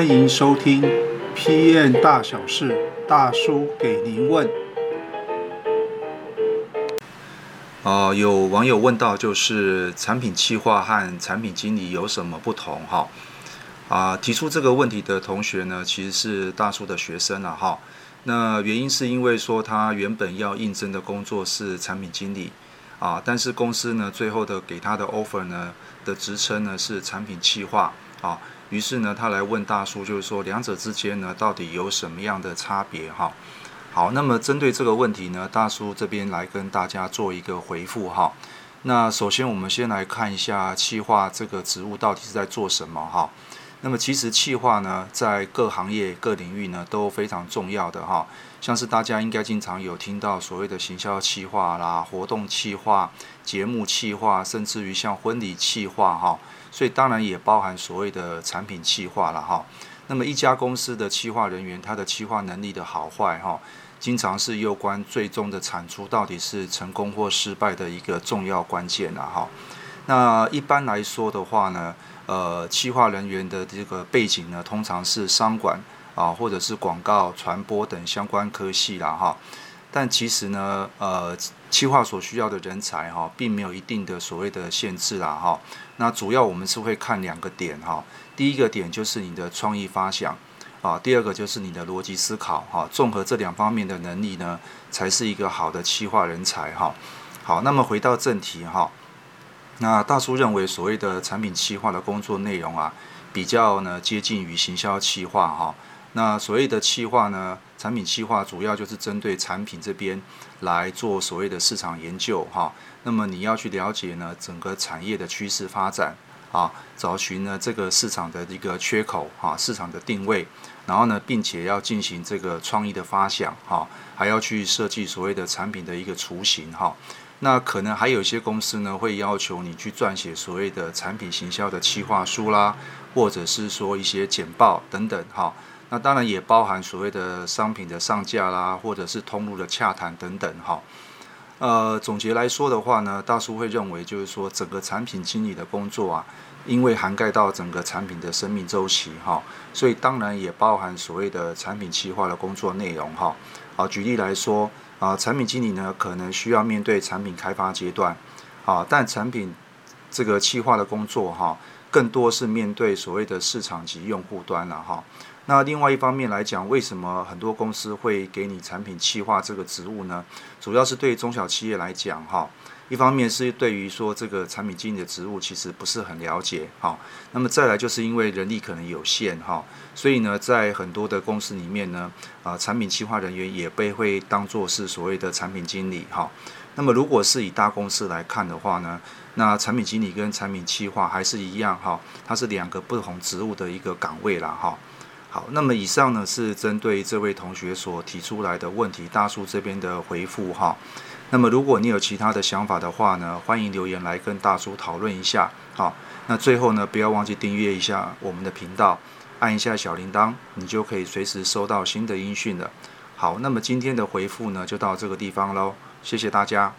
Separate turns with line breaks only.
歡迎收聽《PM 大小事》，大叔給您問。呃、有網友問到，就是產品企劃和產品經理有什麼不同？哈，啊，提出這個問題的同學呢，其實是大叔的學生了、啊。哈，那原因是因為說他原本要應徵的工作是產品經理啊，但是公司呢，最後的給他的 offer 呢的職稱呢是產品企劃啊。於是呢，他來問大叔，就是說兩者之間呢，到底有什麼樣的差別哈？好，那麼針對這個問題呢，大叔這邊來跟大家做一個回覆哈。那首先我們先來看一下企劃這個職務到底是在做什麼哈。那麼其實企劃呢，在各行業各領域呢都非常重要的哈，像是大家應該經常有聽到所謂的行銷企劃啦、活動企劃、節目企劃，甚至於像婚禮企劃。哈，所以當然也包含所謂的產品企劃了哈。那麼一家公司的企劃人員，他的企劃能力的好壞哈，經常是攸關最終的產出到底是成功或失敗的一個重要關鍵吶哈。那一般來說的話呢，呃，企劃人員的這個背景呢，通常是商管啊，或者是廣告、傳播等相關科系啦，哈、啊。但其實呢，呃，企劃所需要的人才哈、啊，並沒有一定的所謂的限制啦，哈、啊。那主要我們是會看兩個點哈、啊，第一個點就是你的創意發想啊，第二個就是你的邏輯思考哈。啊、綜合這兩方面的能力呢，才是一個好的企劃人才哈、啊。好，那麼回到正題哈。啊那大叔認為，所謂的產品企劃的工作內容啊，比較呢接近於行銷企劃哈、哦。那所謂的企劃呢，產品企劃主要就是針對產品這邊來做所謂的市場研究哈、哦。那麼你要去了解呢整個產業的趨勢發展啊，找尋呢這個市場的一個缺口啊，市場的定位，然後呢，並且要進行這個創意的發想哈、啊，還要去設計所謂的產品的一個雛形哈。啊那可能還有一些公司呢，會要求你去撰寫所謂的產品行銷的企劃書啦，或者是說一些簡報等等，哈。那當然也包含所謂的商品的上架啦，或者是通路的洽談等等，哈。呃，總結來說的話呢，大叔會認為就是說整個產品經理的工作啊，因為涵蓋到整個產品的生命週期，哈，所以當然也包含所謂的產品企劃的工作內容，哈。好，舉例來說。啊，產品經理呢，可能需要面對產品開發階段，啊，但產品這個企劃的工作哈，啊，更多是面對所謂的市場及用戶端了哈，啊。那另外一方面來講，為什麼很多公司會給你產品企劃這個職務呢？主要是對中小企業來講哈。啊一方面是對於說這個產品經理的職務其實不是很了解哈，那麼再來就是因為人力可能有限哈，所以呢，在很多的公司裡面呢，啊，產品企劃人員也被會當作是所謂的產品經理哈。那麼如果是以大公司來看的話呢，那產品經理跟產品企劃還是一樣哈，它是兩個不同職務的一個崗位啦，哈。好，那麼以上呢，是針對這位同學所提出來的問題，大叔這邊的回復哈。那麼如果你有其他的想法的話呢，歡迎留言來跟大叔討論一下。好，那最後呢，不要忘記訂閱一下我們的頻道，按一下小鈴鐺，你就可以隨時收到新的音訊了。好，那麼今天的回復呢，就到這個地方嘍，謝謝大家。